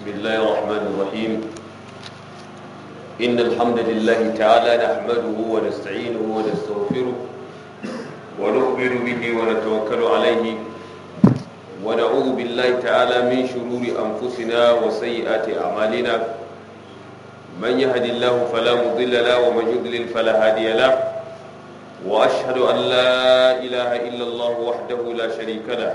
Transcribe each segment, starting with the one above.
بسم الله الرحمن الرحيم إن الحمد لله تعالى نحمده ونستعينه ونستغفره ونؤمن به ونتوكل عليه ونعوذ بالله تعالى من شرور أنفسنا وسيئات أعمالنا من يهد الله فلا مضل له ومن يضلل فلا هادي له وأشهد أن لا إله إلا الله وحده لا شريك له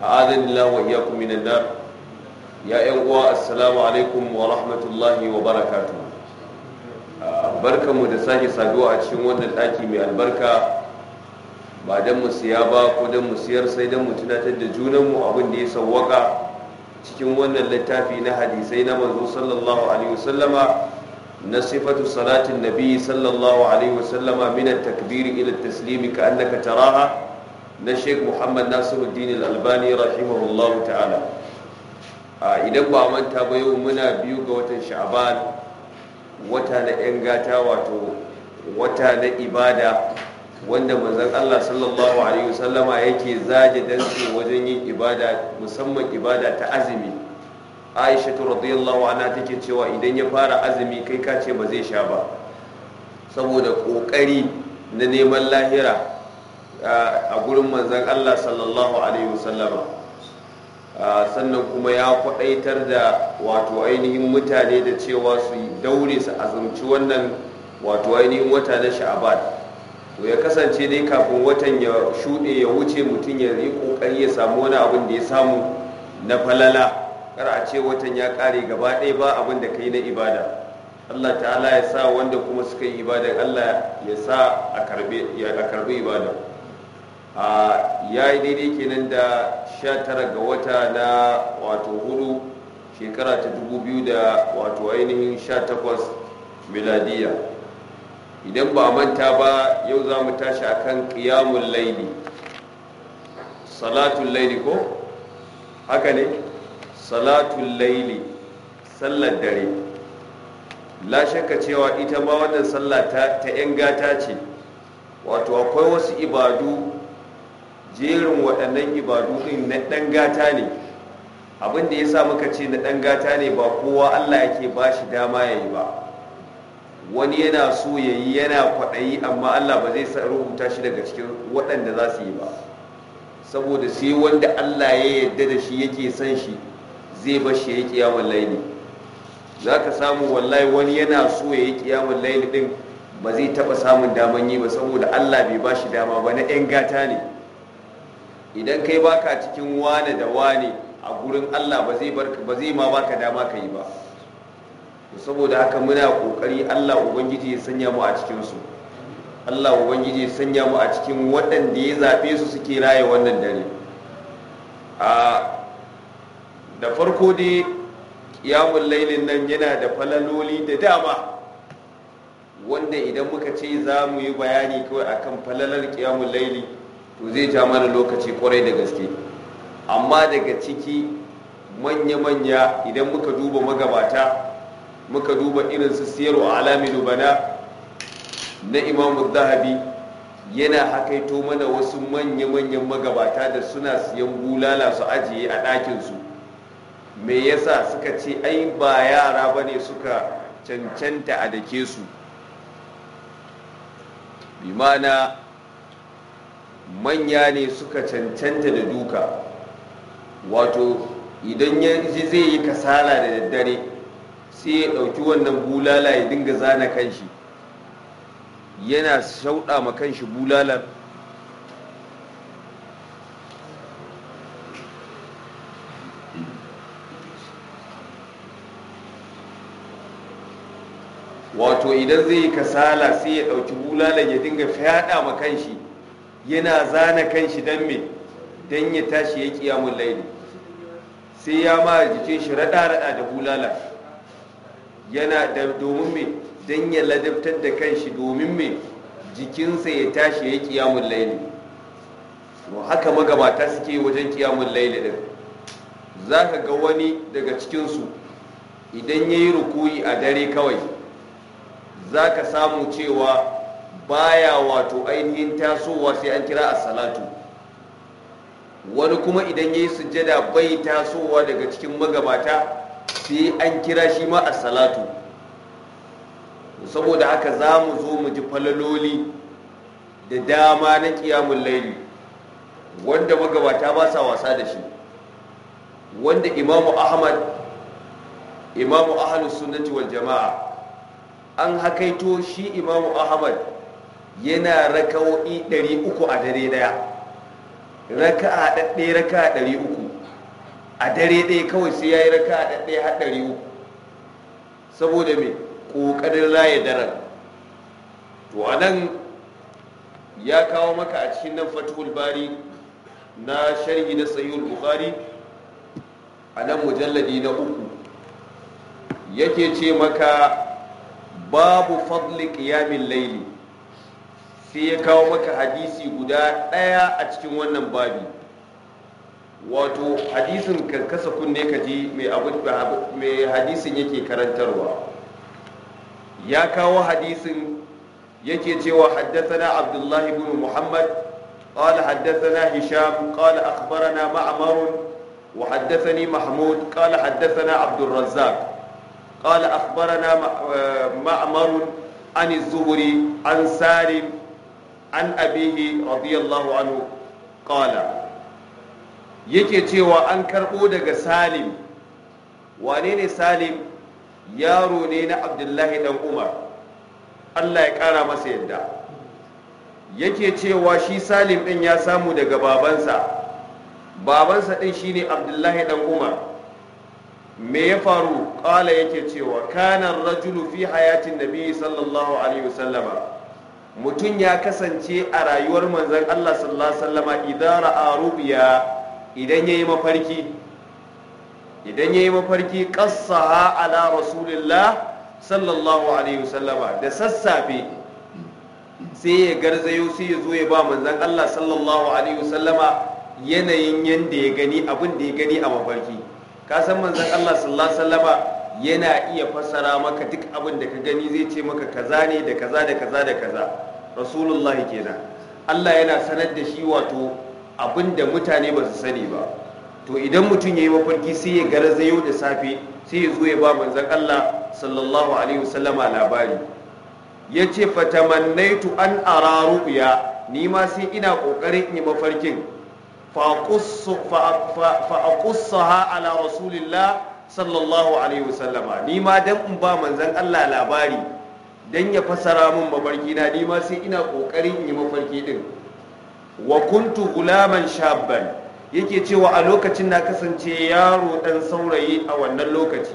A'a, Allah wa iyyakum minan nar ya yan uwa assalamu alaikum wa rahmatullahi wa barakatuh ah, barkanmu da sake saduwa a cikin wannan ɗaki mai albarka ba don mu siya ba ko don mu siyar sai don mu tunatar da junanmu abin da ya sawwaka cikin wannan littafi na hadisai na manzo sallallahu alaihi wasallama na sifatu salatin nabi sallallahu alaihi wasallama min at-takbir ila at ka annaka taraha na sheik muhammad nasiruddin albani rahimahullah ta'ala idan ba manta ba yau muna biyu ga watan sha'aban wata na 'yan gata wato wata na ibada wanda manzon allah sallallahu alaihi wasallama yake zaje dantse wajen yin ibada musamman ibada ta azumi aisha radiyallahu anha take cewa idan ya fara azumi kai ka ce ba zai sha ba saboda kokari na neman lahira a gurin manzan Allah sallallahu alaihi wasallama sannan kuma ya kwadaitar da wato ainihin mutane da cewa su daure su azumci wannan wato ainihin wata na sha'aban to ya kasance dai kafin watan ya shuɗe ya wuce mutum ya yi ƙoƙari ya samu wani abin da ya samu na falala kar a ce watan ya ƙare gaba ɗaya ba abin da ka yi na ibada Allah ta'ala ya sa wanda kuma suka yi ibada Allah ya sa a karbi ibada ya yi daidai kenan da 19 ga wata na wato hudu shekara ta 2000 da wato ainihin 18 miladiya idan ba a manta ba yau za mu tashi akan ƙiyamun laili salatun laili ko haka ne salatun laili sallar dare la shakka cewa ita ma wannan sallah ta 'yan gata ce wato akwai wasu ibadu jerin waɗannan ibadu ɗin na ɗan gata ne abin da ya sa muka ce na ɗan gata ne ba kowa allah yake ba shi dama ya yi ba wani yana so ya yi yana kwaɗayi amma allah ba zai rubuta shi daga cikin waɗanda za su yi ba saboda sai wanda allah ya yarda da shi yake san shi zai ba shi ya yi kiyamun laini za ka samu wallahi wani yana so ya yi kiyamun laini ɗin ba zai taɓa samun daman yi ba saboda allah bai ba shi dama ba na 'yan gata ne idan kai baka cikin wane da wane a gurin Allah ba zai ma baka dama ka yi ba saboda haka muna kokari Allah ubangiji ya sanya mu a cikin su Allah ubangiji ya sanya mu a cikin waɗanda ya zaɓe su suke raye wannan dare a da farko dai kiyamun lailin nan yana da falaloli da dama wanda idan muka ce za mu yi bayani kawai akan falalar kiyamun laili to zai ja mana lokaci kwarai da gaske amma daga ciki manya-manya idan muka duba magabata muka duba irin su siyarwa alami dubana na imamu zahabi yana hakaito mana wasu manya-manyan magabata da suna siyan bulala su ajiye a ɗakinsu me yasa suka ce ai ba yara ba ne suka cancanta a dake su bi manya ne suka cancanta da duka wato idan ya zai yi kasala da daddare sai ya ɗauki wannan bulala ya dinga zana kanshi yana shauɗa ma kanshi bulalar wato idan zai yi kasala sai ya ɗauki bulalar ya dinga fyaɗa ma kanshi yana zana kan shi don me don ya tashi ya kiyamun laili sai ya ma jikin shi raɗa-raɗa da bulala yana da domin me don ya ladabtar da kan shi domin me jikinsa ya tashi ya kiyamun laili to haka magabata suke wajen kiyamun laili din za ka ga wani daga cikinsu idan ya yi rukuyi a dare kawai za ka samu cewa baya wato ainihin tasowa sai an kira as-salatu wani kuma idan yayi sujjada bai tasowa daga cikin magabata sai an kira shi ma as-salatu saboda haka za mu zo mu ji falaloli da dama na kiyamun laili wanda magabata ba sa wasa da shi wanda imamu ahmad imamu ahalus sunnati wal jama'a an hakaito shi imamu ahmad yana raka'o'i 300 a dare daya raka'a a raka'a 300 a dare daya kawai sai ya yayi raka'a daɗe har 300 saboda mai ƙoƙarin raye daren to anan ya kawo maka a cikin nan fatihul bari na sharhi na sayyul bukhari a nan mujalladi na uku yake ce maka babu fadli qiyamin laili sai ya kawo maka hadisi guda ɗaya a cikin wannan babi wato hadisin kan kasa kunne ka ji mai hadisin yake karantarwa ya kawo hadisin yake cewa haddathana abdullahi bin muhammad قال حدثنا هشام قال أخبرنا معمر وحدثني محمود قال حدثنا عبد الرزاق قال أخبرنا معمر عن الزهري عن سالم an abihi radiyallahu anhu qala yake cewa an karbo daga salim wane ne salim yaro ne na abdullahi dan umar allah ya kara masa yadda yake cewa shi salim din ya samu daga babansa babansa din shine abdullahi dan umar me ya faru kala yake cewa kanan rajulu fi hayatin nabi sallallahu alaihi wasallama mutum ya kasance a rayuwar manzan Allah sallallahu alaihi wasallama idan ra'a rubiya idan yayi mafarki idan yayi mafarki qassaha ala rasulillah sallallahu alaihi wasallama da sassafe sai ya garzayo sai ya zo ya ba manzan Allah sallallahu alaihi wasallama yanayin yadda ya gani abin da ya gani a mafarki ka san manzan Allah sallallahu alaihi wasallama yana iya fassara maka duk abin da ka gani zai ce maka kaza ne da kaza da kaza da kaza rasulullahi kenan Allah yana sanar da shi wato abin da mutane ba su sani ba to idan mutum ya yi mafarki sai ya gara yau da safe sai ya zo ya ba manzan Allah sallallahu alaihi wasallama labari ya ce fatamannaitu an ara ru'ya ni ma sai ina kokarin in yi mafarkin fa aqussaha ala rasulillah sallallahu alaihi wasallama ni ma dan in ba manzon Allah labari dan ya fasara min mafarki na ni ma sai ina kokarin in yi mafarki din wa kuntu gulaman shabban yake cewa a lokacin na kasance yaro dan saurayi a wannan lokaci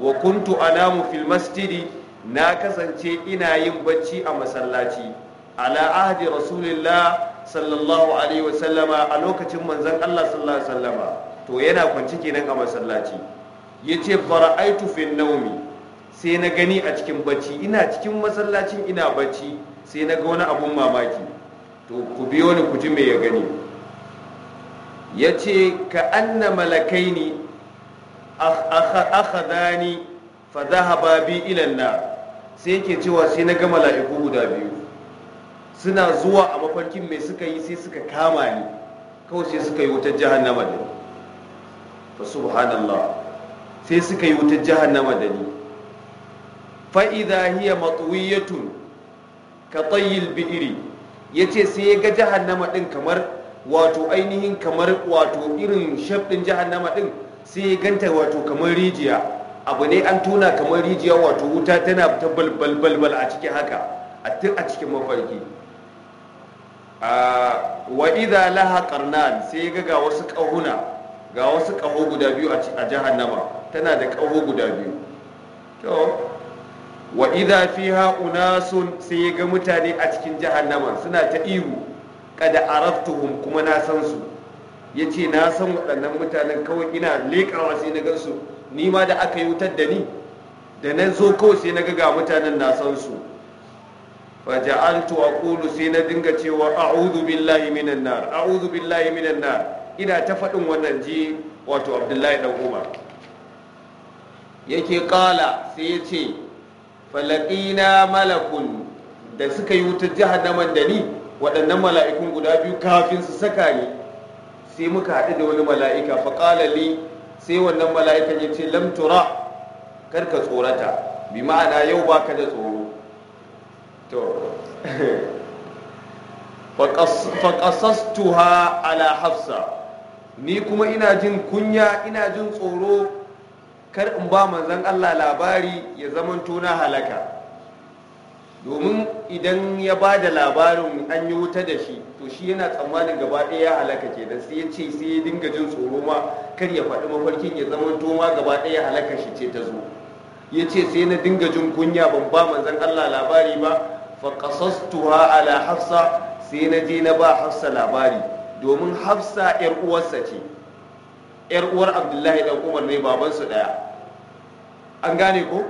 wa kuntu anamu fil masjidi na kasance ina yin bacci a masallaci ala ahdi rasulillah sallallahu alaihi wasallama a lokacin manzon Allah sallallahu alaihi wasallama to yana kwanci kenan a masallaci Ya yace fara'aitu fin naumi sai na gani a cikin bacci ina cikin masallacin ina bacci sai na ga wani abun mamaki to ku biyo ni ku ji me ya gani Ya ce ka anna malakaini ni fa dhahaba bi ila na sai yake cewa sai na ga mala'iku guda biyu suna zuwa a mafarkin mai suka yi sai suka kama ni kawai sai suka yi wutar jihar da subhanallah sai suka yi wutar jahannama da ni fa'iza hiya matsuwiyatun ka tsayil bi'iri ya ce sai ya ga jahannama ɗin kamar wato ainihin kamar wato irin shafɗin jahannama ɗin sai ya ganta wato kamar rijiya abu ne an tona kamar rijiya wato wuta tana ta balbalbalbal a cikin haka a cikin mafarki wa idha laha qarnan sai ya ga wasu ƙahuna, ga wasu kaho guda biyu a jahannama tana da ƙaho guda biyu to wa idha fiha unasun sai ga mutane a cikin jahannama suna ta ihu kada araftuhum kuma na san su yace na san waɗannan mutanen kawai ina leƙawa sai na gansu ni ma da aka yi wutar da ni da na zo kawai sai na ga mutanen na san su fa ja'altu aqulu sai na dinga cewa a'udhu billahi minan nar a'udhu billahi minan nar ina ta faɗin wannan ji wato abdullahi dan umar yake kala sai ya ce falakina malakun da suka yi wuta jahannaman da ni waɗannan mala'ikun guda biyu kafin su saka ni sai muka haɗu da wani mala'ika faƙala li sai wannan mala'ikan ya ce lamtura karka tsorata bi ma'ana yau ba ka da tsoro to faƙasastuha ala hafsa ni kuma ina jin kunya ina jin tsoro kar in ba manzan Allah labari ya zamanto na halaka domin idan ya ba da labarin an yi wuta da shi to shi yana tsammanin gaba ɗaya ya halaka ke da sai ya ce sai ya dinga jin tsoro ma kar ya faɗi mafarkin ya zama toma gaba ɗaya halaka shi ce ta zo ya ce sai na dinga jin kunya ban ba manzan Allah labari ba fa qasastuha ala hafsa sai na je na ba hafsa labari domin hafsa yar uwarsa ce yar uwar abdullahi dan umar ne babansu ɗaya an gane ko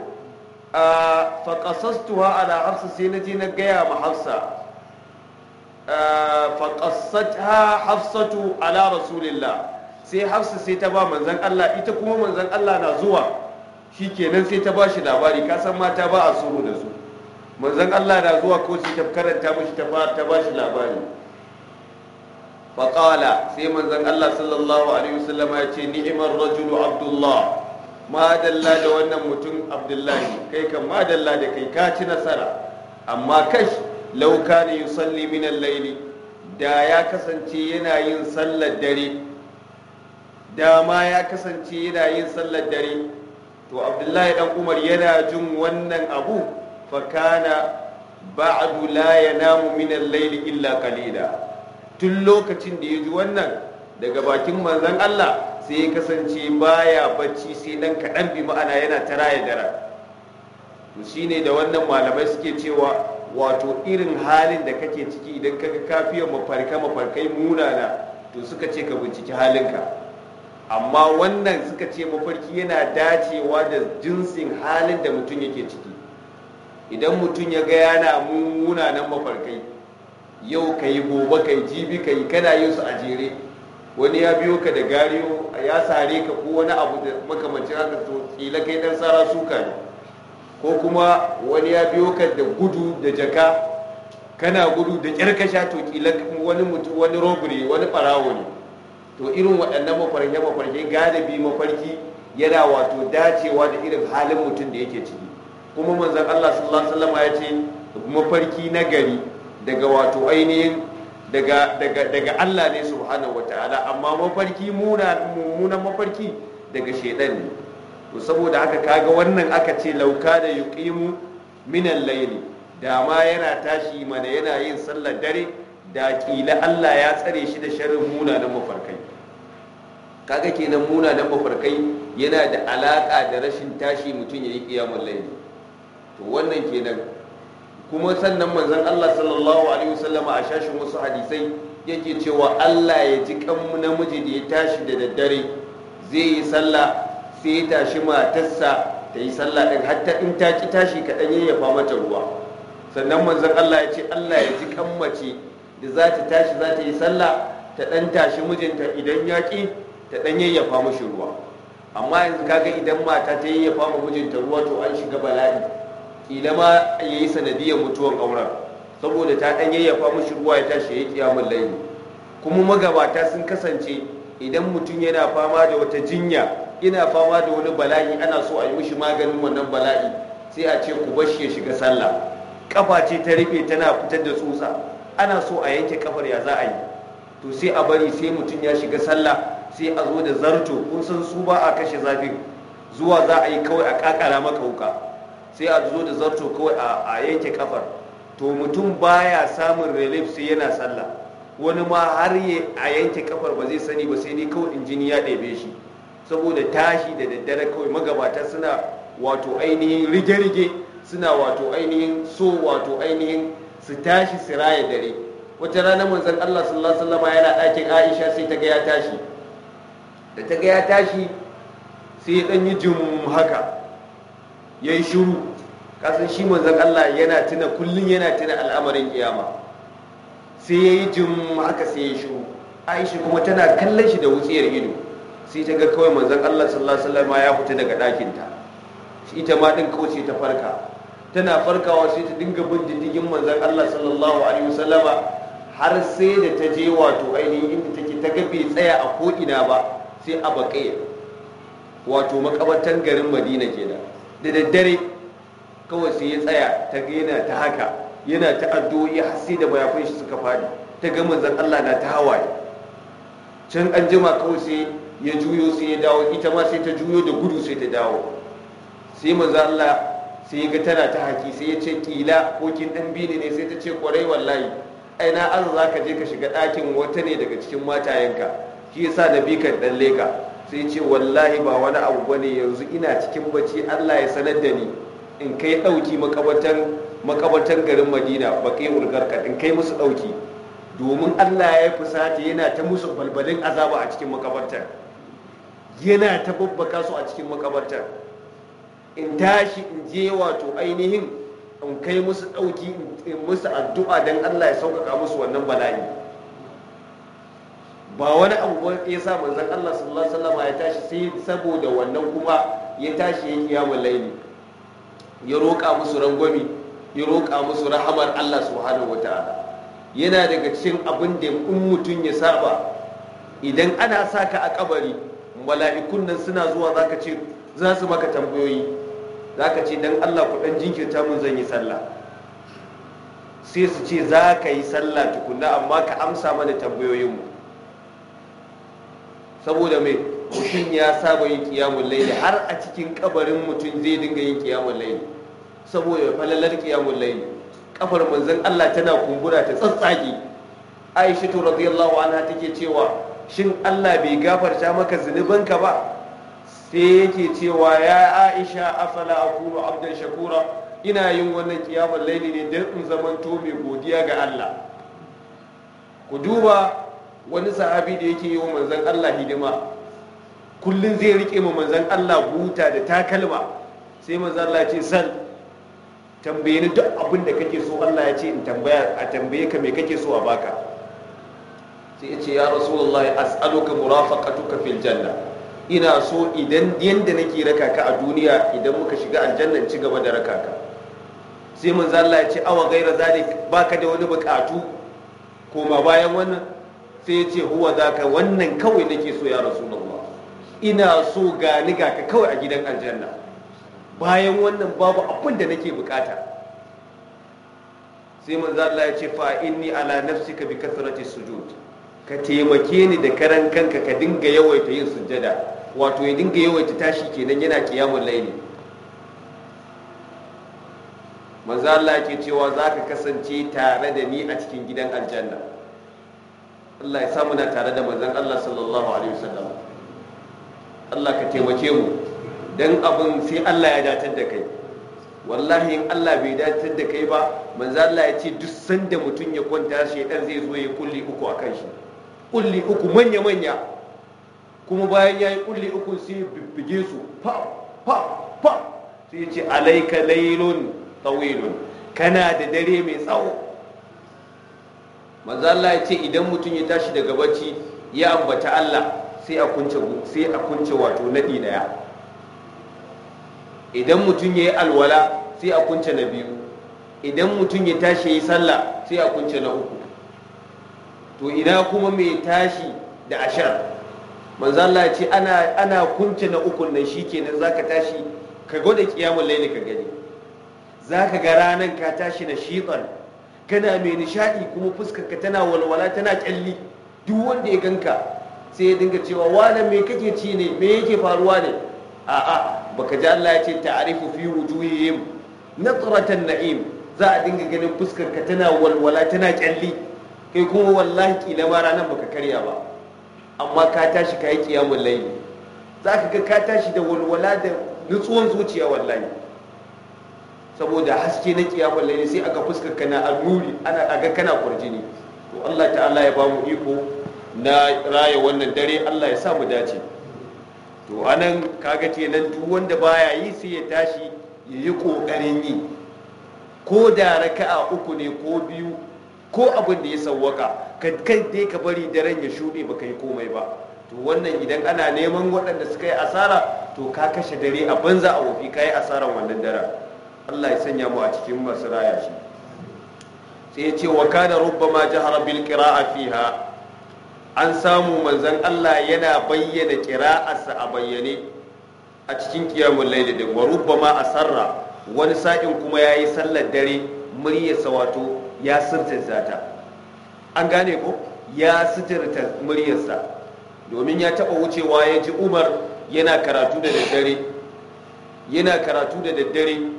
fa qasastuha ala hafsa sai na je na gaya ma hafsa fa qassatha hafsatu ala rasulillah sai hafsa sai ta ba manzan Allah ita kuma manzan Allah na zuwa shi kenan sai ta ba shi labari ka san mata ba a suru da su manzan Allah na zuwa ko sai ta karanta mashi ta ba shi labari faƙala sai manzan Allah sallallahu alaihi ya ce ni'imar rajulu abdullah madalla da wannan mutum abdullahi kai kan madalla da kai kaci nasara amma kash lauka ne yusalli min al-laili da ya kasance yana yin sallar dare to abdullahi dan umar yana jin wannan abu fakana ba'du la yanamu min al-laili illa qalila tun lokacin da ya ji wannan daga bakin manzon Allah sai ya kasance baya bacci sai dan kaɗan bi ma'ana yana ta raya dara shi ne da wannan malamai suke cewa wato irin halin da kake ciki idan kaga kafiyar mafarka mafarkai munana to suka ce ka binciki halinka amma wannan suka ce mafarki yana dacewa da jinsin halin da mutum yake ciki idan mutum ya ga yana munanan mafarkai yau ka yi gobe ka yi jibi ka yi kana yin su a jere wani ya biyo ka da gariyo ya sare ka ko wani abu da makamancin haka to tsila kai dan sara suka ne ko kuma wani ya biyo ka da gudu da jaka kana gudu da kyarkasha to kila wani mutu wani robbery wani farawo ne to irin waɗannan mafarke mafarke galibi mafarki yana wato dacewa da irin halin mutum da yake ciki kuma manzon Allah sallallahu alaihi wasallam ya ce mafarki na gari daga wato ainihin daga Allah ne subhanahu ta'ala amma mafarki mummunan mafarki daga shaidan ne to saboda haka kaga wannan aka ce lauka da yuqimu minan laini dama yana tashi mana yana yin sallar dare da kila Allah ya tsare shi da sharrin munanan mafarkai kaga kenan munanan mafarkai yana da alaƙa da rashin tashi mutum ya yi ƙiyamun laili to wannan kenan kuma sannan manzan Allah sallallahu alaihi wasallam a shashin wasu hadisai yake cewa Allah ya ji kan namiji da ya tashi da daddare zai yi sallah sai ya tashi matarsa ta yi sallah ɗin hatta in ta ki tashi kaɗan yafa mata ruwa sannan manzan Allah ya ce Allah ya ji kan mace da za ta tashi za ta yi sallah ta ɗan tashi mijinta idan ya ƙi ta ɗan yayyafa mashi ruwa amma yanzu kaga idan mata ta yayyafa ma mijinta ruwa to an shiga bala'i kila ma ya yi sanadiyar mutuwar auren saboda ta ɗan yayyafa mashi ruwa ya tashi ya yi kiyamun layi kuma magabata sun kasance idan mutum yana fama da wata jinya ina fama da wani bala'i ana so a yi mishi maganin wannan bala'i sai a ce ku bashi ya shiga sallah kafa ce ta rufe tana fitar da tsutsa ana so a yanke kafar ya za a yi to sai a bari sai mutum ya shiga sallah sai a zo da zarto kun san su ba a kashe zafin zuwa za a yi kawai a kakara maka wuka sai a zo da zarto kawai a yanke kafar to mutum baya samun relief sai yana sallah wani ma har a yanke kafar ba zai sani ba sai ni kawai injini ya ɗebe shi saboda tashi da daddare kawai magabata suna wato ainihin rige-rige suna wato ainihin so wato ainihin su tashi su raya dare wata rana manzan Allah sallallahu alaihi yana ɗakin Aisha sai ta ga ya tashi da ta ga ya tashi sai ya ɗan yi jin haka ya yi shuru kasan shi manzan Allah yana tuna kullum yana tuna al'amarin kiyama sai ya yi jin haka sai ya shuru aisha kuma tana kallon shi da wutsiyar ido sai ta ga kawai manzan Allah sallallahu ya fita daga ɗakinta shi ita ma ɗin kawai sai ta farka tana farkawa sai ta dinga bin diddigin manzan Allah sallallahu alaihi har sai da ta je wato ainihin inda take ta ga bai tsaya a ko'ina ba sai a baƙe wato makabartan garin madina kenan da daddare kawai sai ya tsaya ta gina ta haka yana ta addu'o'i har da mayafin shi suka fadi ta ga manzon Allah na ta hawaye can an jima kawai sai ya juyo sai ya dawo ita ma sai ta juyo da gudu sai ta dawo sai manzon Allah sai ga tana ta haki sai ya ce kila ko kin dan bi ne sai ta ce kwarai wallahi ai na an za ka je ka shiga ɗakin wata ne daga cikin matayenka shi yasa da kan dan leka sai ce wallahi ba wani abu bane yanzu ina cikin bacci Allah ya sanar da ni in kai dauki makabatan garin Madina ba kai urgarka in kai musu dauki domin Allah ya fusata yana ta musu balbalin azaba a cikin makabartan yana ta babbaka su a cikin makabartan in tashi in je wato ainihin in kai musu dauki in musu addu'a dan Allah ya sauƙaƙa musu wannan bala'i ba wani abu ya sa manzon Allah sallallahu alaihi wasallam ya tashi sai saboda wannan kuma ya tashi ya yi yawon laini ya roƙa musu rangwami ya roƙa musu rahamar Allah subhanahu wata yana daga cikin abin da in mutum ya saba idan ana sa ka a kabari mala'ikun nan suna zuwa ka ce za su maka tambayoyi za ka ce dan Allah ku dan jinkirta mun zan yi sallah sai su ce za ka yi sallah tukunna amma ka amsa mana tambayoyinmu saboda mai mutum ya saba yin kiyamun laili har a cikin kabarin mutum zai dinga yin kiyamun laili saboda falalar kiyamun laili kafar manzon Allah tana kumbura ta tsatsage Aisha to radiyallahu anha take cewa shin Allah bai gafarta maka zunubanka ba sai yake cewa ya Aisha afala akunu abdan shakura ina yin wannan kiyamun laili ne don in zamanto mai godiya ga Allah ku duba wani sahabi da yake yi wa manzan Allah hidima kullum zai rike ma manzan Allah buta da takalma sai manzan Allah ce san tambaye ni duk abin da kake so Allah ya ce in tambaya a tambaye ka me kake so a baka sai ya ce ya rasulullah as'aluka murafaqatuka fil janna ina so idan yanda nake raka ka a duniya idan muka shiga aljanna ci gaba da raka ka sai manzan Allah ya ce awa gaira zalik baka da wani bukatu koma bayan wannan sai ya ce huwa zaka wannan kawai nake so ya rasu na rasulullah ina so gani ga ka kawai a gidan aljanna bayan wannan babu abin da nake bukata sai manzo Allah ya ce fa inni ala ka bi kasarati sujud ka taimake ni da karan kanka ka dinga yawaita yin sujada? wato ya dinga yawaita tashi kenan yana kiyamul laili manzo Allah ke cewa zaka kasance tare da ni a cikin gidan aljanna Allah ya samu na tare da manzon Allah sallallahu alaihi wasallam Allah ka taimake mu dan abun sai Allah ya datar da kai wallahi in Allah bai datar da kai ba manzo Allah ya ce duk sanda mutum ya kwanta shi dan zai zo ya kulli uku a kan shi kulli uku manya manya kuma bayan ya yi kulli uku sai bibbige su fa fa fa sai ya ce alaika laylun tawilun kana da dare mai tsawo manzo Allah ya ce idan mutum ya tashi daga bacci ya ambata Allah sai a kunce sai a kunce wato nadi daya idan mutum ya yi alwala sai a kunce na biyu idan mutum ya tashi yi sallah sai a kunce na uku to ina kuma mai tashi da ashar manzo Allah ya ce ana ana kunce na uku nan shikenan zaka tashi ka gwada kiyamul laili ka gani zaka ga ranan ka tashi na shiqan kana mai nishaɗi kuma fuskarka tana walwala tana kyalli duk wanda ya ganka sai ya dinga cewa wane mai kake ci ne Mai yake faruwa ne a'a baka ji Allah ya ce ta'arifu fi wujuhihim natratan na'im za a dinga ganin fuskarka tana walwala tana kyalli kai kuma wallahi kila ma ranar baka karya ba amma ka tashi ka yi kiyamul layli za ka ga ka tashi da walwala da nutsuwan zuciya wallahi saboda haske na kiyamar laili sai aka fuskar ka na nuri ana aga kana kurjini to Allah ta'ala ya ba mu iko na raya wannan dare Allah ya sa mu dace to anan kaga kenan duk wanda baya yi sai ya tashi ya yi kokarin yi ko da raka'a uku ne ko biyu ko abin da ya sawwaka kan kai dai ka bari daren ya shuɗe baka yi komai ba to wannan idan ana neman waɗanda suka yi asara to ka kashe dare a banza a wofi ka yi asaran wannan daren Allah ya sanya mu a cikin masu raya shi sai ya ce wa kana rubbama jihar bil qira'a fiha an samu manzon Allah yana bayyana qira'arsa a bayyane a cikin qiyamul layl din wa rubbama asarra wani sa'in kuma yayi sallar dare muryarsa wato ya sirtinta ta an gane ko ya sitirta muryarsa domin ya taba wucewa ya ji Umar yana karatu da daddare yana karatu da daddare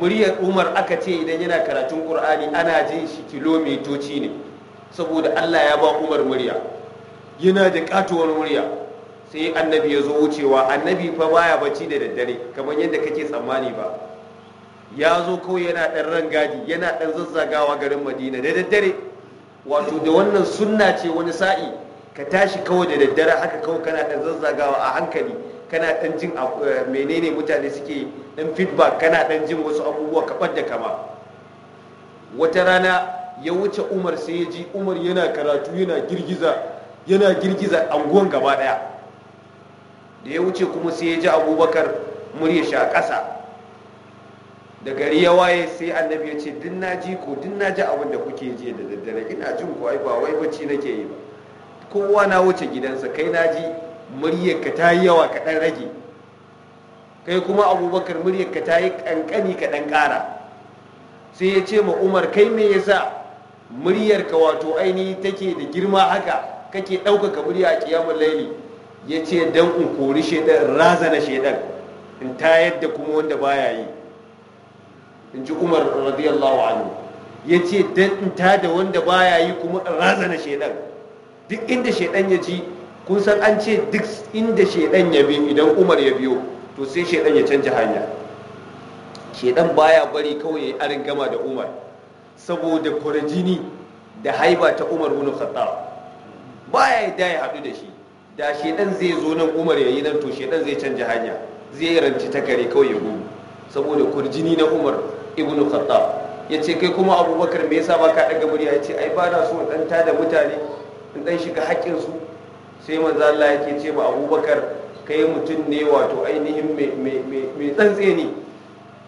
muryar umar aka ce idan yana karatun ƙur'ani ana jin shi kilomitoci ne saboda allah ya ba umar murya yana da katuwar murya sai annabi ya zo wucewa annabi fa baya bacci da daddare kamar yadda kake tsammani ba ya zo kawai yana ɗan rangadi yana ɗan zazzagawa garin madina da daddare wato da wannan sunna ce wani sa'i ka tashi kawai da daddare haka kawai kana ɗan zazzagawa a hankali kana dan jin eh, menene mutane suke dan feedback kana dan jin wasu abubuwa kabar da kama wata rana ya wuce umar sai ya ji umar yana karatu yana girgiza yana girgiza anguwan gaba daya da ya wuce kuma sai ya ji abubakar murya shi a ƙasa da gari ya waye sai annabi ya ce din na ji ko din na ji abin da kuke ji da daddare ina jin ko ai wai bacci nake yi ba kowa na wuce gidansa kai na ji muryarka ta yi yawa kaɗan rage kai kuma abubakar muryarka ta yi ƙanƙani kaɗan ƙara sai ya ce ma umar kai me yasa muryarka wato ainihi take da girma haka kake ɗaukaka murya a ƙiyamun laili ya ce don in kori shaidan razana shaidan in ta yadda kuma wanda baya yi in ji umar radiyallahu anhu ya ce don in ta da wanda baya yi kuma in razana shaidan duk inda shaidan ya ji kun san an ce duk inda shaidan ya bi idan umar ya biyo to sai shaidan ya canja hanya Shaidan baya bari kawai ya arin gama da umar saboda kwarajini da haiba ta umar bin khattab baya yadda ya haɗu da shi da shaidan zai zo nan umar ya yi nan to shaidan zai canja hanya zai yi ranci ta kare kawai ya gudu saboda kurjini na umar ibn khattab ya ce kai kuma abubakar me yasa ba ka murya ya ce ai ba na so in da tada mutane in ɗan shiga haƙƙinsu sai manzo Allah yake ce ma Abubakar kai mutum ne wato ainihin mai tsantseni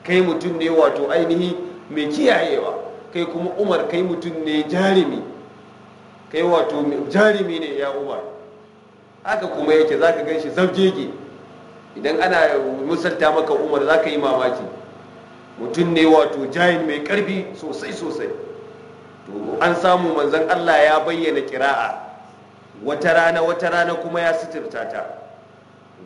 kai mutum ne wato ainihi mai kiyayewa kai kuma Umar kai mutum ne jarimi kai wato jarimi ne ya Umar haka kuma yake zaka ganshi zabjege idan ana musalta maka Umar zaka yi mamaki mutum ne wato jayin mai karfi sosai sosai to an samu manzon Allah ya bayyana kira'a wata rana wata rana kuma ya suturta ta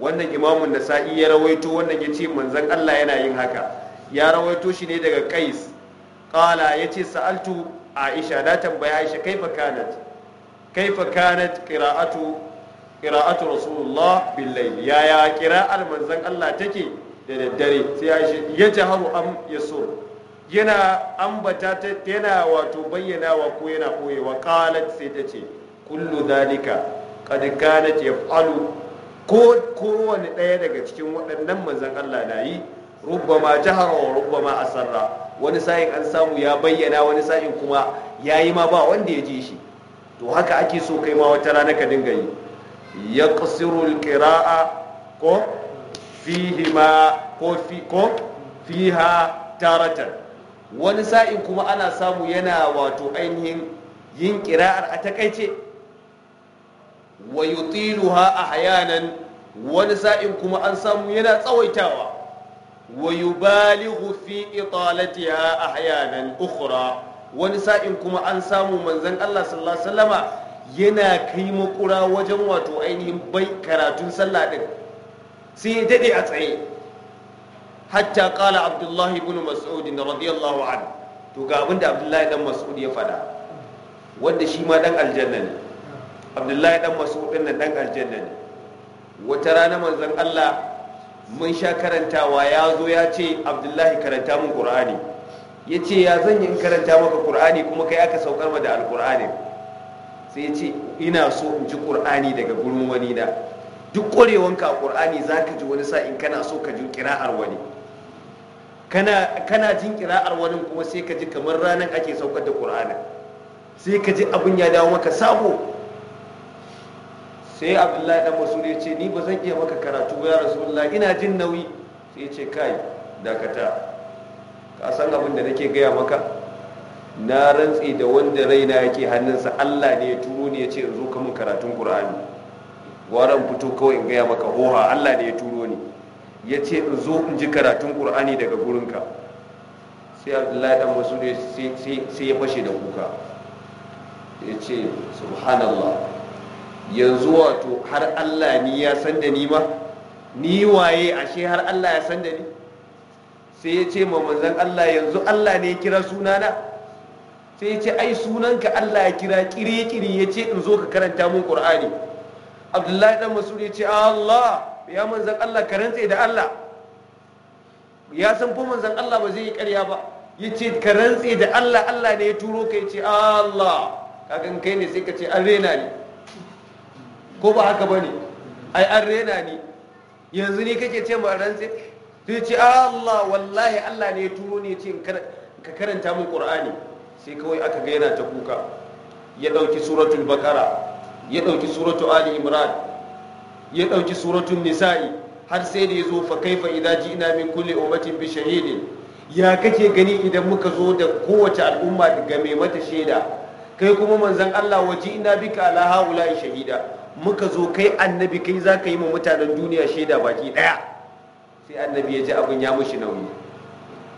wannan imamun Sa'i ya rawaito wannan ya ce manzan allah yana yin haka ya rawaito shi ne daga kais kala ya ce sa'altu aisha na tambaya aisha kaifa kanat kaifa kanat qira'atu qira'atu rasulullah bil layl ya ya qira'ar manzan allah take da daddare sai aisha ya jaharu am yasur yana ambata ta yana wato bayyana wa ko yana koyewa kalat sai ta ce kullu dalika qad kanat yaf'alu ko kowane ɗaya daga cikin waɗannan manzan Allah na yi rubbama jahara wa rubbama asarra wani sa'in an samu ya bayyana wani sa'in kuma yayi ma ba wanda ya ji shi to haka ake so kai ma wata rana ka dinga yi yaqsiru alqira'a ko fihi ma ko fi ko fiha taratan wani sa'in kuma ana samu yana wato ainihin yin ƙira'ar a takaice wa yutiluha ahyanan wani sa'in kuma an samu yana tsawaitawa wa yubalighu fi italatiha ahyanan ukhra wani sa'in kuma an samu manzon Allah sallallahu alaihi wasallama yana kai makura wajen wato ainihin bai karatun sallah din sai ya dade a tsaye hatta qala abdullahi ibn mas'ud radiyallahu anhu to ga abinda abdullahi dan mas'ud ya fada wanda shi ma dan aljanna ne abdullahi dan mas'ud din nan dan aljanna ne wata rana manzon Allah mun sha karantawa ya zo ya ce abdullahi karanta mun qur'ani ya ce ya zan yi karanta maka qur'ani kuma kai aka saukar ma da alqur'ani sai ya ce ina so in ji qur'ani daga gurin wani na duk ƙwarewanka a ƙur'ani za ka ji wani in kana so ka ji ƙira'ar wani kana jin ƙira'ar wani kuma sai ka ji kamar ranar ake saukar da Al-Qur'ani. sai ka ji abin ya dawo maka sabo sai abdullahi dan masu ne ce ni ba zan iya maka karatu ba ya rasulullah ina jin nauyi sai ce kai dakata ka san abin da nake gaya maka na rantse da wanda raina yake hannunsa Allah ne ya turo ni ya ce in zo ka karatun Qur'ani gwaran fito kawai in gaya maka hoha Allah ne ya turo ni ya ce in zo in ji karatun Qur'ani daga gurinka sai Abdullahi dan ne sai ya fashe da kuka ya ce subhanallah yanzu wato har Allah ni ya san da ni ma ni waye ashe har Allah ya san da ni sai ya ce ma manzon Allah yanzu Allah ne ya kira sunana sai ya ce ai sunanka Allah ya kira kiri-kiri ya ce in zo ka karanta mun Qur'ani Abdullahi dan Mas'ud ya ce Allah ya manzon Allah karanta da Allah ya san fa manzon Allah ba zai yi ƙarya ba ya ce ka rantse da Allah Allah ne ya turo ka ya ce Allah kakan kai ne sai ka ce an rena ne ko ba haka bane ai an rena ni yanzu ni kake ce ma rantse sai ce Allah wallahi Allah ne ya turo ne ce ka karanta min Qur'ani sai kawai aka ga yana ta kuka ya dauki suratul bakara ya dauki suratul ali imran ya dauki suratul nisa'i har sai da yazo fa kaifa idza ji'na min kulli ummatin bi shahidin ya kake gani idan muka zo da kowace al'umma daga mai mata shaida kai kuma manzon Allah waji ina bika ala haula shahida muka zo kai annabi kai za ka yi ma mutanen duniya shaida baki ɗaya sai annabi ya ji abin ya mushi nauyi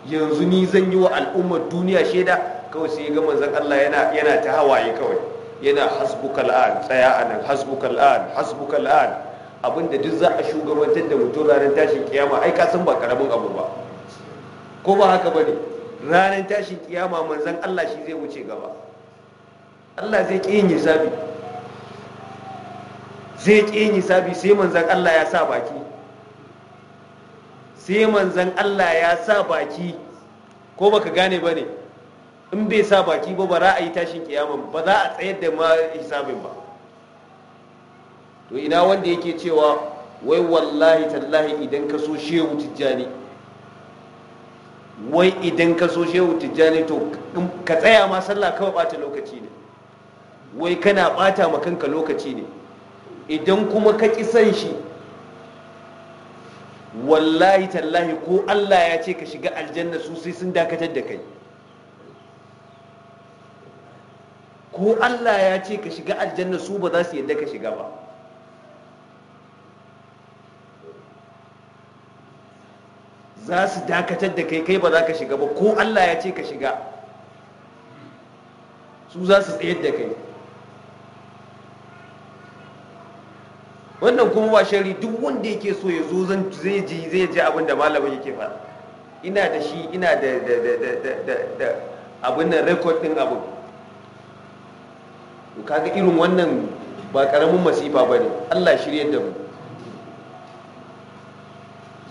yanzu ni zan yi wa al'ummar duniya shaida kawai sai ga manzon Allah yana yana ta hawaye kawai yana hasbukal an tsaya anan hasbukal an hasbukal an abinda duk za a shugabantar da mutum ranar tashin kiyama ai ka san ba karamin abu ba ko ba haka bane ranar tashin kiyama manzon Allah shi zai wuce gaba Allah zai ƙi yin hisabi zai ƙi hisabi sai manzan Allah ya sa baki sai manzan Allah ya sa baki ko baka gane ba ne in bai sa baki ba ba za a yi tashin kiyaman ba za a tsayar da ma hisabin ba to ina wanda yake cewa wai wallahi tallahi idan ka so shehu tijjani wai idan ka so shehu tijjani to ka tsaya ma sallah kawai bata lokaci ne wai kana bata ma kanka lokaci ne idan kuma ka ƙi san shi wallahi tallahi ko Allah ya ce ka shiga aljanna su sai sun dakatar da kai ko Allah ya ce ka shiga aljanna su ba za su yadda ka shiga ba za su dakatar da kai kai ba za ka shiga ba ko Allah ya ce ka shiga su za su tsayar da kai wannan kuma ba shari duk wanda yake so ya zo zai ji zai ji abin da malamin yake faɗa ina da shi ina da da da da da da abin nan record din abu to kaga irin wannan ba karamin masifa bane Allah shirye da mu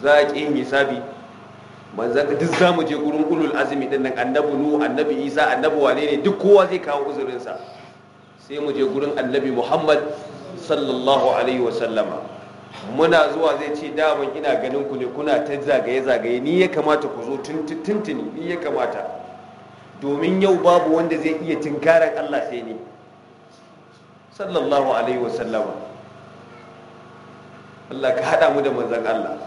za a ƙi hisabi manzan ka duk zamu je gurin ulul azumi din nan annabi nu annabi isa annabi wane ne duk kowa zai kawo uzurinsa sai mu je gurin annabi muhammad sallallahu alaihi wasallama muna zuwa zai ce daman ina ganin ku ne kuna ta zagaye-zagaye ni ya kamata ku zo tuntuni ni ya kamata domin yau babu wanda zai iya tunkarar Allah sai ni sallallahu alaihi wasallama Allah ka haɗa mu da manzan Allah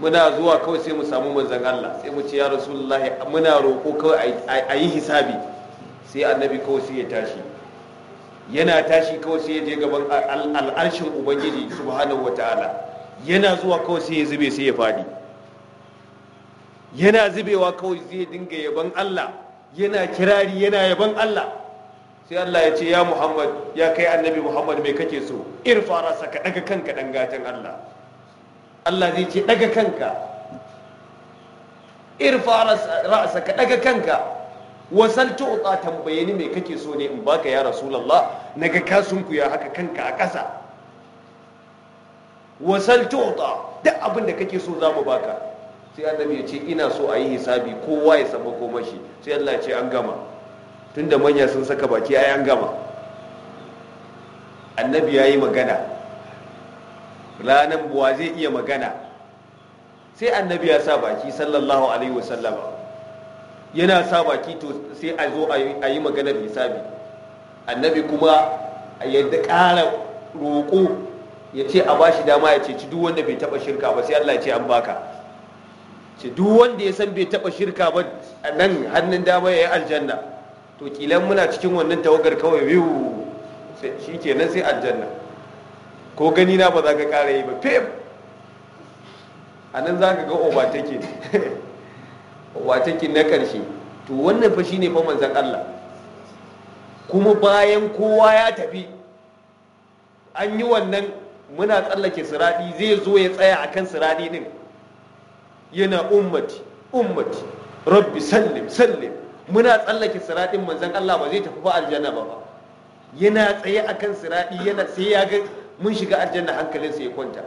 muna zuwa kawai sai mu samu manzan Allah sai mu ce ya rasulullahi muna roƙo kawai a yi hisabi sai annabi kawai sai ya tashi yana tashi kawai sai ya je gaban al'arshin ubangiji subhanahu wata'ala yana zuwa kawai sai ya zube sai ya fadi yana zubewa kawai zai dinga yaban Allah yana kirari yana yaban Allah sai Allah ya ce ya Muhammad ya kai annabi Muhammad mai kake so irfa rasa ka daga kanka dan gatan Allah Allah zai ce daga kanka irfa rasa ka daga kanka wasal tu'ta tambaye ni me kake so ne in baka ya rasulullah naga kasunku ya haka kanka a ƙasa wasal tu'ta duk abin da kake so za mu baka sai annabi ya ce ina so a yi hisabi kowa ya samu shi. sai Allah ce an gama tunda manya sun saka baki ai an gama annabi ya yi magana ranar buwa zai iya magana sai annabi ya sa baki sallallahu alaihi wasallama yana sa baki to sai a zo a yi maganar hisabi annabi kuma yadda ƙara roƙo ya ce a bashi dama ya ce duk wanda bai taɓa shirka ba sai Allah ya ce an baka ce duk wanda ya san bai taɓa shirka ba a nan hannun dama ya yi aljanna to kilan muna cikin wannan tawagar kawai biyu shi kenan sai aljanna ko gani na ba za ka ƙara yi ba fim a nan za ka ga obatake wata ki na ƙarshe to wannan fa shine fa manzan Allah kuma bayan kowa ya tafi an yi wannan muna tsallake siradi zai zo ya tsaya akan siradi din yana ummati ummati rabbi sallim sallim muna tsallake siradin manzan Allah ba zai tafi ba aljanna ba yana tsaye akan siradi yana sai ya ga mun shiga aljanna hankalinsa ya kwanta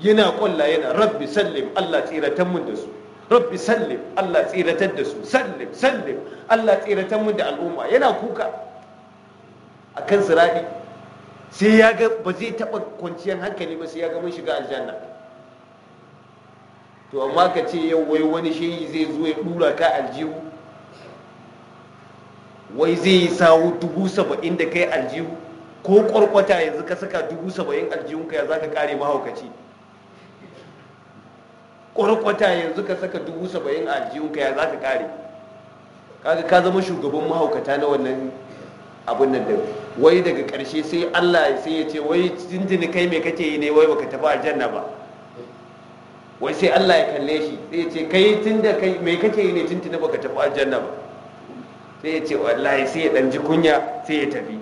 yana kwalla yana rabbi sallim Allah tsira mun da su rabbi sallim Allah tsiratar da su sallim sallim Allah tsiratar mu da al'umma yana kuka a kan sirari sai ya ga ba zai taɓa kwanciyar hankali ba sai ya ga mun shiga aljanna to amma ka ce yau wai wani shehi zai zo ya ɗura ka aljihu wai zai yi sawu dubu saba'in da kai aljihu ko ƙwarƙwata yanzu ka saka dubu saba'in aljihunka ya za ka kare mahaukaci kwarkwata yanzu ka saka dubu saba'in a ka ya za ka kare kaga ka zama shugaban mahaukata na wannan abun nan da wai daga ƙarshe sai allah sai ya ce wai tuntuni kai mai kake yi ne wai baka tafi aljanna ba wai sai allah ya kalle shi sai ya ce kai tunda kai mai kake yi ne tuntuni baka tafi aljanna ba sai ya ce wallahi sai ya ɗanji kunya sai ya tafi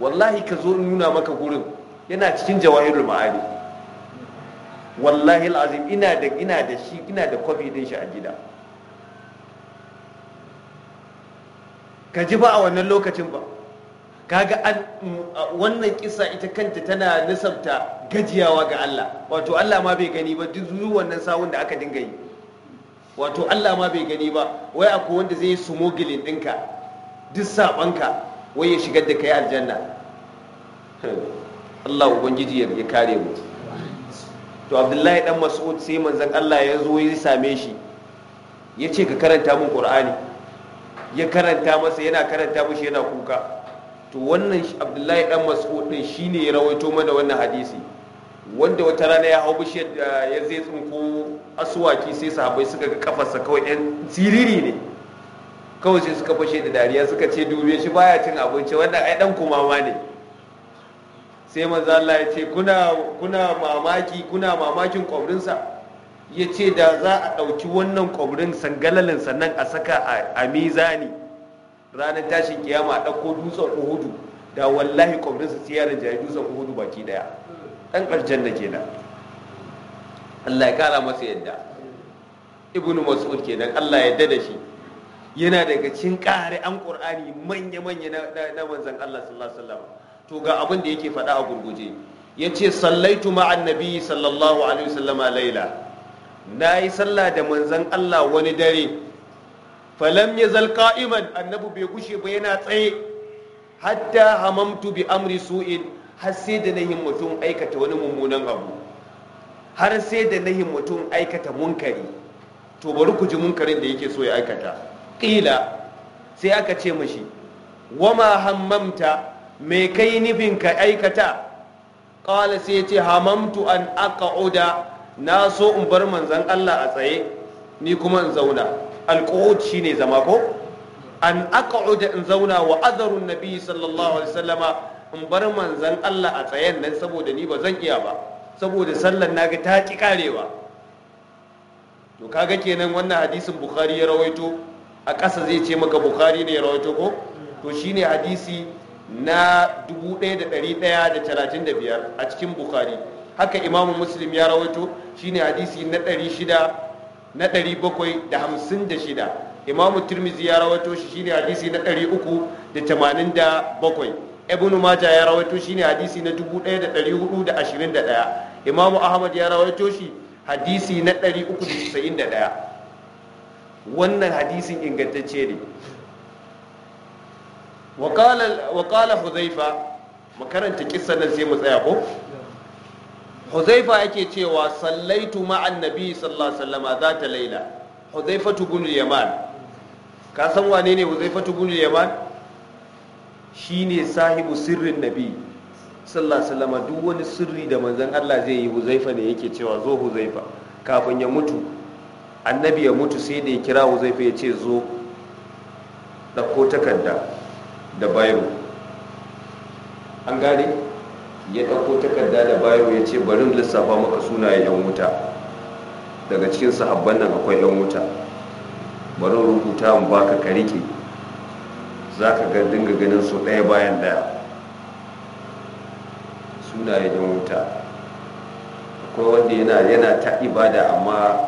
wallahi ka zo nuna maka gurin yana cikin jawahirul ma'ani wallahi alazim ina da gina da shi ina da kwafi din shi a gida ka ji ba a wannan lokacin ba kaga an wannan kisa ita kanta tana nisabta gajiyawa ga Allah wato Allah ma bai gani ba duk zuwa wannan sawun da aka dinga yi wato Allah ma bai gani ba wai akwai wanda zai yi gilin dinka duk sabanka wai ya shigar da kai aljanna Allah ubangiji ya kare mu to abdullahi dan mas'ud sai manzon Allah ya zo ya same shi ya ce ka karanta min qur'ani ya karanta masa yana karanta mushi yana kuka to wannan abdullahi dan mas'ud din shine ya rawaito mana wannan hadisi wanda wata rana ya hau bishiyar ya zai tsinko asuwaki sai sahabai suka ga kafarsa kawai yan siriri ne kawai sai suka fashe da dariya suka ce dube shi baya cin abinci wannan ai dan kumama ne sai manzo Allah ya ce kuna kuna mamaki kuna mamakin kwabrinsa ya ce da za a ɗauki wannan kwabrin sangalalin sannan a saka a mizani ranar tashin kiyama a ɗauko dutsen uhudu da wallahi kwabrinsa sai da jari dutsen uhudu baki ɗaya ɗan ƙarshen da kenan Allah ya kara masa yadda ibnu mas'ud kenan Allah ya dada shi yana daga cikin ƙare an ƙur'ani manya-manya na manzon Allah sallallahu alaihi wasallam to ga abin da yake faɗa a gurguje ya ce sallaitu ma'an nabi sallallahu alaihi wasallama laila na yi sallah da manzan Allah wani dare falam ya zalka iman annabu bai gushe ba yana tsaye hatta hamamtu bi amri su'in har sai da na mutum aikata wani mummunan abu har sai da na mutum aikata munkari to bari ku ji munkarin da yake so ya aikata ƙila sai aka ce mashi wama hammamta me kai nufin ka aikata ƙala sai ce hamamtu an aka oda na so in bar manzan Allah a tsaye ni kuma in zauna shi ne zama ko an aka oda in zauna wa azarun nabi sallallahu alaihi wasallama in bar manzan Allah a tsayen nan saboda ni ba zan iya ba saboda sallan naga ta ki ƙarewa. to kaga kenan wannan hadisin bukhari ya rawaito a ƙasa zai ce maka bukhari ne ya rawaito ko to shine hadisi na 1135 a cikin bukhari haka imamu muslim ya rawaito shine hadisi na 600 na 756 imamu tirmizi ya rawaito shi shine hadisi na 387 ibn majah ya rawaito shine hadisi na 1421 imamu ahmad ya rawaito shi hadisi na 391 wannan hadisin ingantacce ne wa huzaifa makaranta karanta kissan nan sai mu tsaya ko huzaifa yake cewa sallaitu ma'an nabi sallallahu alaihi wasallam zata laila huzaifatu ibn yaman ka san wane ne huzaifatu ibn yaman ne sahibu sirrin nabi sallallahu alaihi wasallam duk wani sirri da manzan Allah zai yi huzaifa ne yake cewa zo huzaifa kafin ya mutu annabi ya mutu sai da ya kira huzaifa ya ce zo da ko takarda da bayo an gane ya ɗauko takarda da bayo ya ce barin lissafa maka sunayen 'yan wuta daga cikin sahabban nan akwai 'yan wuta barin rubuta in baka ka rike za ka ga dinga ganin su ɗaya bayan ɗaya sunayen 'yan wuta akwai wanda yana yana ta ibada amma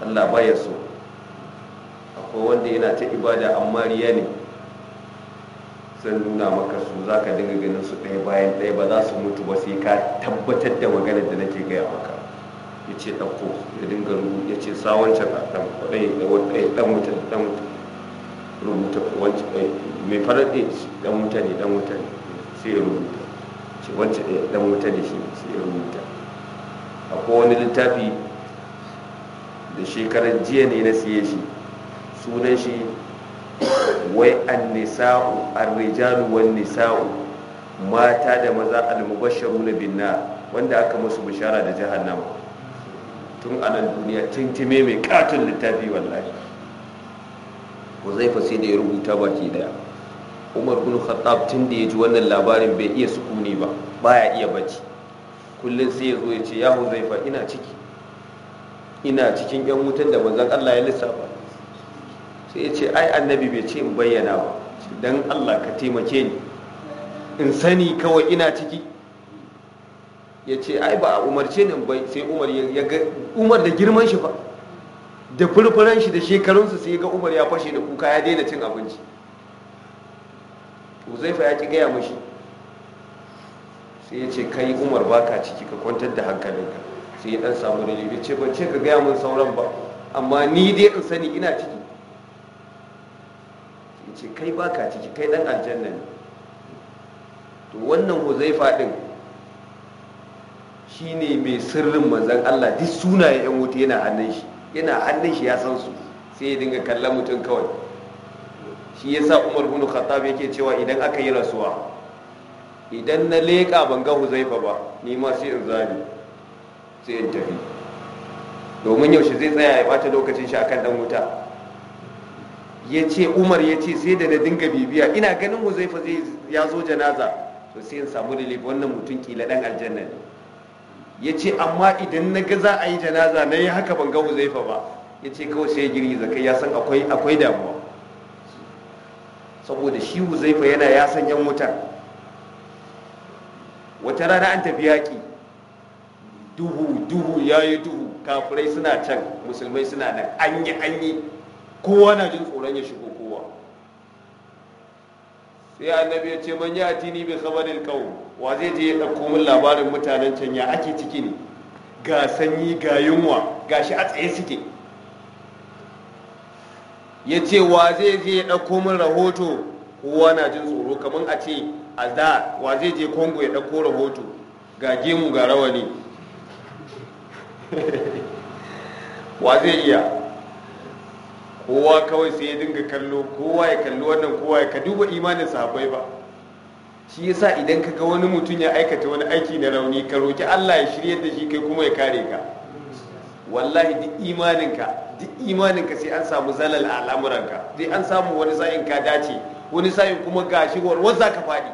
allah bayar so akwai wanda yana ta ibada amma riya ne zan nuna maka su za ka dinga ganin su ɗaya bayan ɗaya ba za su mutu ba sai ka tabbatar da maganar da nake gaya maka ya ce ɗauko ya dinga rubuta ya ce sa can a ɗan ɗaya ɗan wuta ɗan wuta rubuta wancan eh, mai farar ɗaya ɗan wuta ne ɗan wuta ne sai ya rubuta ce wancan ɗaya eh, ɗan wuta ne shi sai ya rubuta akwai wani littafi da shekarar jiya ne na siye shi sunan shi wai an annisa'u arrijalu wan nisa'u mata da maza almubashsharuna binna wanda aka musu bishara da jahannama tun a nan duniya tintime mai katon littafi wallahi ko zai fa da ya rubuta baki daya umar bin khattab tun da ya ji wannan labarin bai iya sukuni ba baya iya bacci kullum sai ya zo ya ce ya huzaifa ina ciki ina cikin yan wutan da manzon Allah ya lissafa sai ya ce ai annabi bai ce in bayyana ba don Allah ka taimake ni in sani kawai ina ciki ya ce ai ba a umarce ni bai sai umar ya ga umar da girman shi ba, da furfuran shi da shekarunsa sai ga umar ya fashe da kuka ya daina cin abinci uzaifa ya ki gaya mashi sai ya ce kai umar baka ciki ka kwantar da hankalinka sai ya dan samu ya ce ban ce ka gaya mun sauran ba amma ni dai in sani ina ciki ce kai baka ciki kai dan aljanna ne to wannan huzaifa din shine mai sirrin manzon Allah duk sunayen yan wuta yana hannun shi yana hannun shi ya san su sai ya dinga kallon mutum kawai shi yasa Umar bin Khattab yake cewa idan aka yi rasuwa idan na leƙa ban ga huzaifa ba ni ma sai in zani sai in tafi domin yaushe zai tsaya ya bata lokacin shi akan dan wuta ya ce umar ya ce sai da na dinga bibiya ina ganin huzaifa zai ya zo janaza to sai in samu lebe wannan mutum kila dan aljanna ne ya ce amma idan na ga za a yi janaza na yi haka ban ga huzaifa ba ya ce kawai sai girgi zakai ya san akwai damuwa saboda shi huzaifa yana ya san yan wutar wata rana an tafi yaƙi duhu duhu ya yi duhu kafirai suna can musulmai suna nan anyi anyi kowa na jin tsoron ya shigo kowa sai annabi ya ce man ya tini bi khabaril ba. wa zai je ya dauko min labarin mutanen can ya ake ciki ne ga sanyi ga yunwa ga shi a tsaye suke ya ce wa zai je ya ɗauko min rahoto kowa na jin tsoro kamar a ce a da wa zai je kongo ya ɗauko rahoto ga gemu ga rawani wa zai iya kowa kawai sai ya dinga kallo kowa ya kalli wannan kowa ya ka duba imanin sahabbai ba shi yasa idan ka ga wani mutum ya aikata wani aiki na rauni ka roki Allah ya shirya da shi kai kuma ya kare ka wallahi duk imaninka duk ka sai an samu zalal a al'amuranka sai an samu wani sa'in ka dace wani sa'in kuma gashi warwar za ka fadi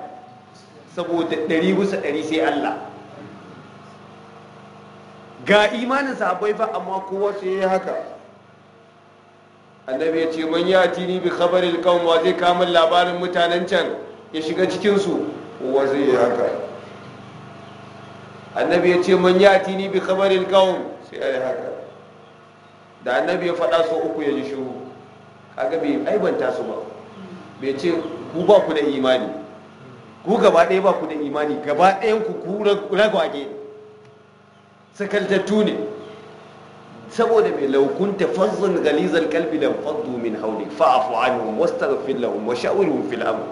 saboda ɗari bisa ɗari sai Allah ga imanin sahabbai ba amma kowa sai ya haka annabi ya ce man ya tini bi khabaril qaum wa zai kamun labarin mutanen can ya shiga cikin su wa zai yi haka annabi ya ce man ya tini bi khabaril qaum sai ya yi haka da annabi ya faɗa so uku ya ji shiru kaga bai aibanta su ba bai ce ku ba ku da imani ku gaba ɗaya ba ku da imani gaba ɗayan ku ku ragwage sakaltattu ne saboda mai laukunta fazzun galizar kalbi da faddu min hauli fa'afu anhum wastaghfir lahum wa shawirhum fil amr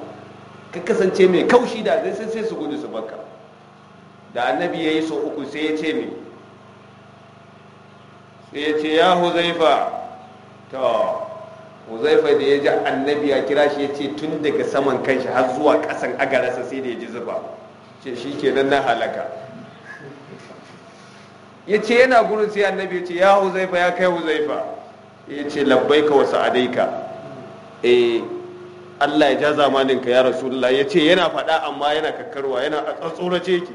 ka kasance mai kaushi da sai sai su gudu su baka da annabi yayi so uku sai ya ce mai sai ya ce ya huzaifa to huzaifa da ya ji annabi ya kira shi ya ce tun daga saman kanshi har zuwa kasan agarasa sai da ya ji zuba ce shi kenan na halaka ya ce yana gurin sai annabi ya ce ya huzaifa ya kai huzaifa ya ce ka wasu adaika e eh, Allah ya ja zamaninka ya rasulullah ya ce yana faɗa amma yana kakkarwa yana a ce ki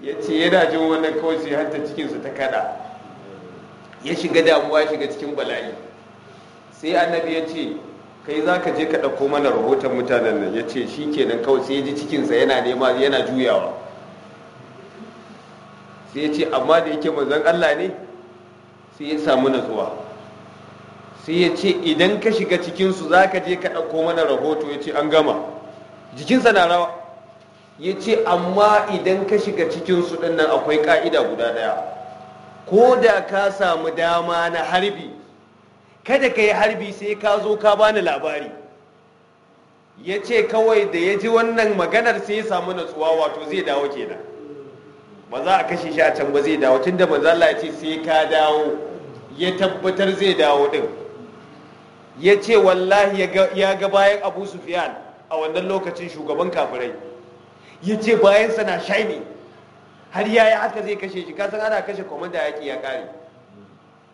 ya ce yana jin wannan kawai sai hanta cikinsu ta kada ya shiga damuwa shiga cikin bala'i sai annabi ya ce kai za ka je ka ɗauko mana rahoton mutanen nan ya ce shi kenan kawai sai ya ji cikinsa yana nema yana juyawa sai ya ce amma da yake manzon Allah ne sai ya samu natsuwa sai ya ce idan ka shiga cikinsu za ka je ka ɗauko mana rahoto ya ce an gama jikinsa na rawa ya ce amma idan ka shiga cikinsu ɗinnan akwai ƙa'ida guda ɗaya ko da ka samu dama na harbi kada ka yi harbi sai ka zo ka bani labari ya ce kawai da ya ji wannan maganar sai ya samu natsuwa wato zai dawo kenan ba za a kashe shi a can ba zai dawo tunda manzo Allah ya ce sai ka dawo ya tabbatar zai dawo din ya ce wallahi ya ga bayan Abu Sufyan a wannan lokacin shugaban kafirai ya ce bayan sana shaini har ya yi haka zai kashe shi kasan ana kashe komanda yaki ya kare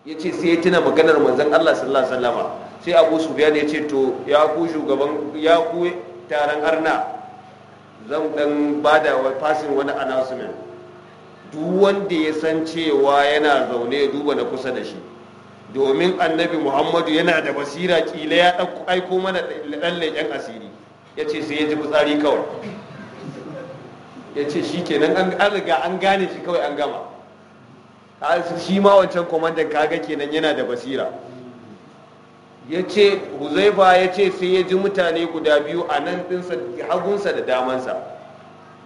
ya ce sai ya tuna maganar manzon Allah sallallahu sai Abu Sufyan ya ce to ya ku shugaban ya ku taron arna zan dan bada wa fasin wani announcement duk wanda ya san cewa yana zaune ya duba na kusa da shi domin annabi muhammadu yana da basira kila ya aiko mana ɗan leƙen asiri ya ce sai ya ji fitsari kawai ya ce shi kenan an riga an gane shi kawai an gama shi ma wancan kwamandan kaga kenan yana da basira ya ce huzaifa ya ce sai ya ji mutane guda biyu a nan ɗinsa hagunsa da damansa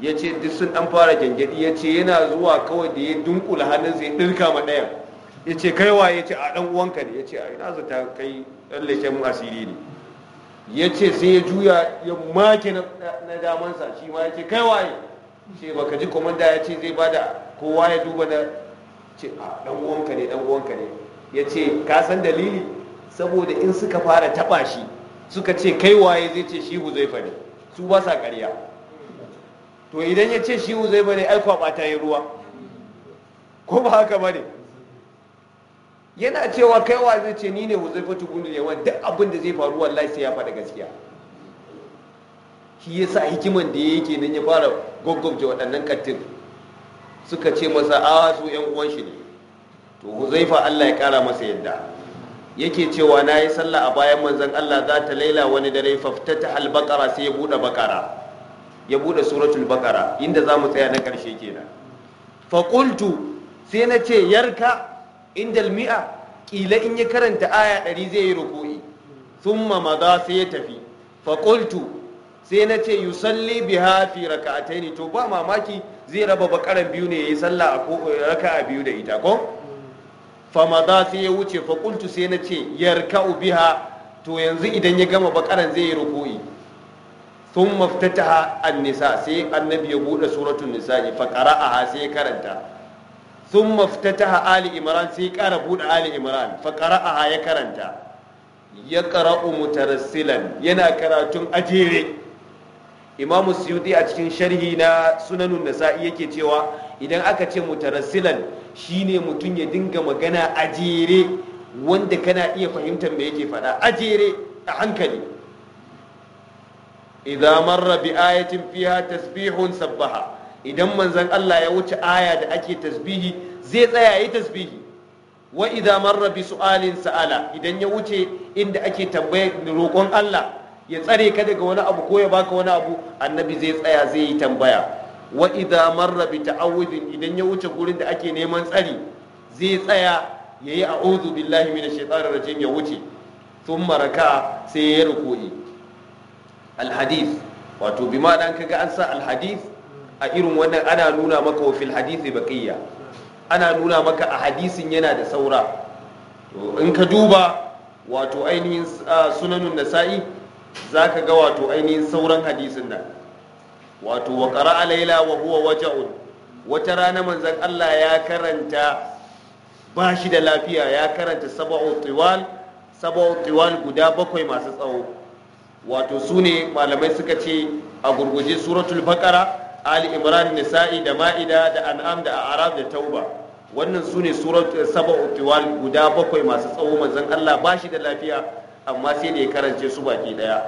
ya ce duk sun dan fara jangadi ya ce yana zuwa kawai da ya dunkula hannun zai dirka ma ɗayan ya ce kai wa ya ce a ɗan uwanka ne ya ce a ina zata kai ɗan leken asiri ne ya ce sai ya juya ya make na damansa shi ma ya ce kai waye ce baka ji komanda ya ce zai bada kowa ya duba da ce a ɗan uwanka ne dan uwanka ne ya ce ka san dalili saboda in suka fara taɓa shi suka ce kai waye zai ce shi huzaifa ne su ba sa ƙarya to idan ya ce shi uzai bane ai kwabata yi ruwa ko ba haka bane yana cewa kai wa zai ce ni ne zai fatu gundul yawan duk abin da zai faru wallahi sai ya faɗa gaskiya shi yasa hikiman da yake nan ya fara gaggauce waɗannan kattin suka ce masa a su yan uwan shi ne to huzaifa Allah ya kara masa yadda yake cewa na yi sallah a bayan manzon Allah za ta laila wani dare ta halbakara sai ya buɗe bakara ya bude suratul bakara inda za mu tsaya na karshe kenan fa qultu sai na ce yarka indal mi'a kila in ya karanta aya ɗari zai yi ruku'i thumma madha sai ya tafi fa sai na ce yusalli biha fi raka'ataini to ba mamaki zai raba bakaran biyu ne yayi sallah a a biyu da ita ko fa madha sai ya wuce fa sai na ce yarka biha to yanzu idan ya gama bakaran zai yi ruku'i sun maftataha an-nisa sai annabi ya bude suratun nisa fa qara'aha sai karanta sun a ali imran sai kara bude ali imran fa qara'aha ya karanta ya qara'u mutarassilan yana karatun ajere imam suyuti a cikin sharhi na sunanun nasa'i yake cewa idan aka ce mutarassilan shine mutum ya dinga magana ajere wanda kana iya fahimtar me yake faɗa ajere a hankali idza marra bi ayatin fiha tasbihun sabbaha idan manzon Allah ya wuce aya da ake tasbihi zai tsaya yi tasbihi wa idza marra bi su'alin sa'ala idan ya wuce inda ake tambayar roƙon Allah ya tsare ka daga wani abu ko ya baka wani abu annabi zai tsaya zai yi tambaya wa idza marra bi ta'awudin idan ya wuce gurin da ake neman tsari zai tsaya yayi a'udhu billahi minash shaitanir rajim ya wuce thumma raka'a sai ya ruku'i alhadith wato bi ma dan kaga an sa alhadith a irin wannan ana nuna maka wa fil hadithi baqiya ana nuna maka a hadisin yana da saura to in ka duba wato ainihin ah, sunanun nasa'i zaka ga wato ainihin sauran hadisin nan wato wa qara'a layla wa huwa waja'un wata rana manzon Allah ya karanta bashi da lafiya ya karanta sab'u tiwal sab'u tiwal guda bakwai masu tsawo wato su ne malamai suka ce a gurguje suratul bakara ali imran nisa'i da ma'ida da an'am da arab da tauba wannan su ne eh, saba'u tiwal guda bakwai masu tsawo manzon Allah ba shi da lafiya amma sai da ya karance su baki daya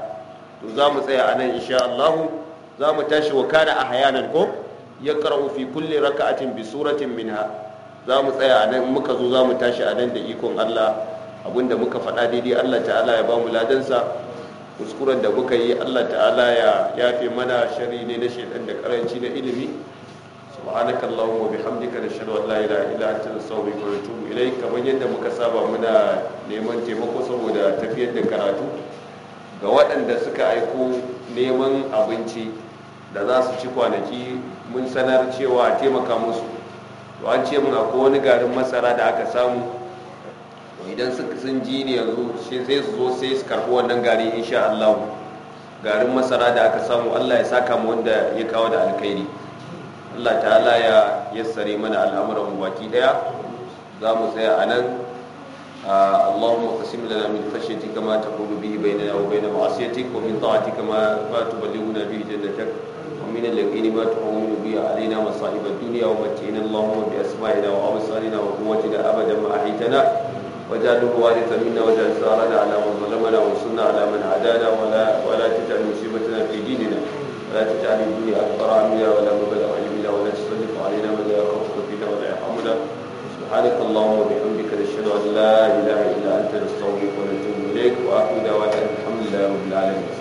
to za mu tsaya a nan insha Allah za mu tashi wa kana a hayanan ko ya karau fi kulli raka'atin bi suratin minha za mu tsaya a nan muka zo za mu tashi a nan da ikon Allah abinda muka faɗa daidai Allah ta'ala ya ba mu ladansa kuskuren da muka yi allah ta'ala ya yafe mana shari ne na shaidan da karanci na ilimi subhanaka allahumma bihamdika nashhadu an la ilaha illa anta nastaghfiruka wa natubu kamar yadda muka saba muna neman taimako saboda tafiyar da karatu ga waɗanda suka aiko neman abinci da za su ci kwanaki mun sanar cewa taimaka musu to an ce mun akwai wani garin masara da aka samu to idan sun ji ne yanzu sai su zo sai su karɓi wannan gari insha Allah garin masara da aka samu Allah ya saka mu wanda ya kawo da alkhairi Allah ta'ala ya yassare mana al'amuran mu baki daya za mu tsaya a nan اللهم اقسم لنا من خشيتك ما تقول به بيننا وبين معصيتك ومن طاعتك ما تبلغنا به جنتك ومن اليقين ما تهون به علينا مصائب الدنيا ومتعنا اللهم بأسمائنا وأبصارنا وقوتنا أبدا ما أحيتنا وجعله وارثا منا واجعل ثارنا على من ظلمنا وانصرنا على من عادانا ولا ولا تجعل مصيبتنا في ديننا ولا تجعل الدنيا اكبر عنا ولا مبلغ علمنا ولا تسلط علينا من لا يخافك فينا ولا يرحمنا سبحانك اللهم وبحمدك نشهد ان لا اله الا انت نستغفرك ونتوب اليك واخر دعوانا الحمد لله رب العالمين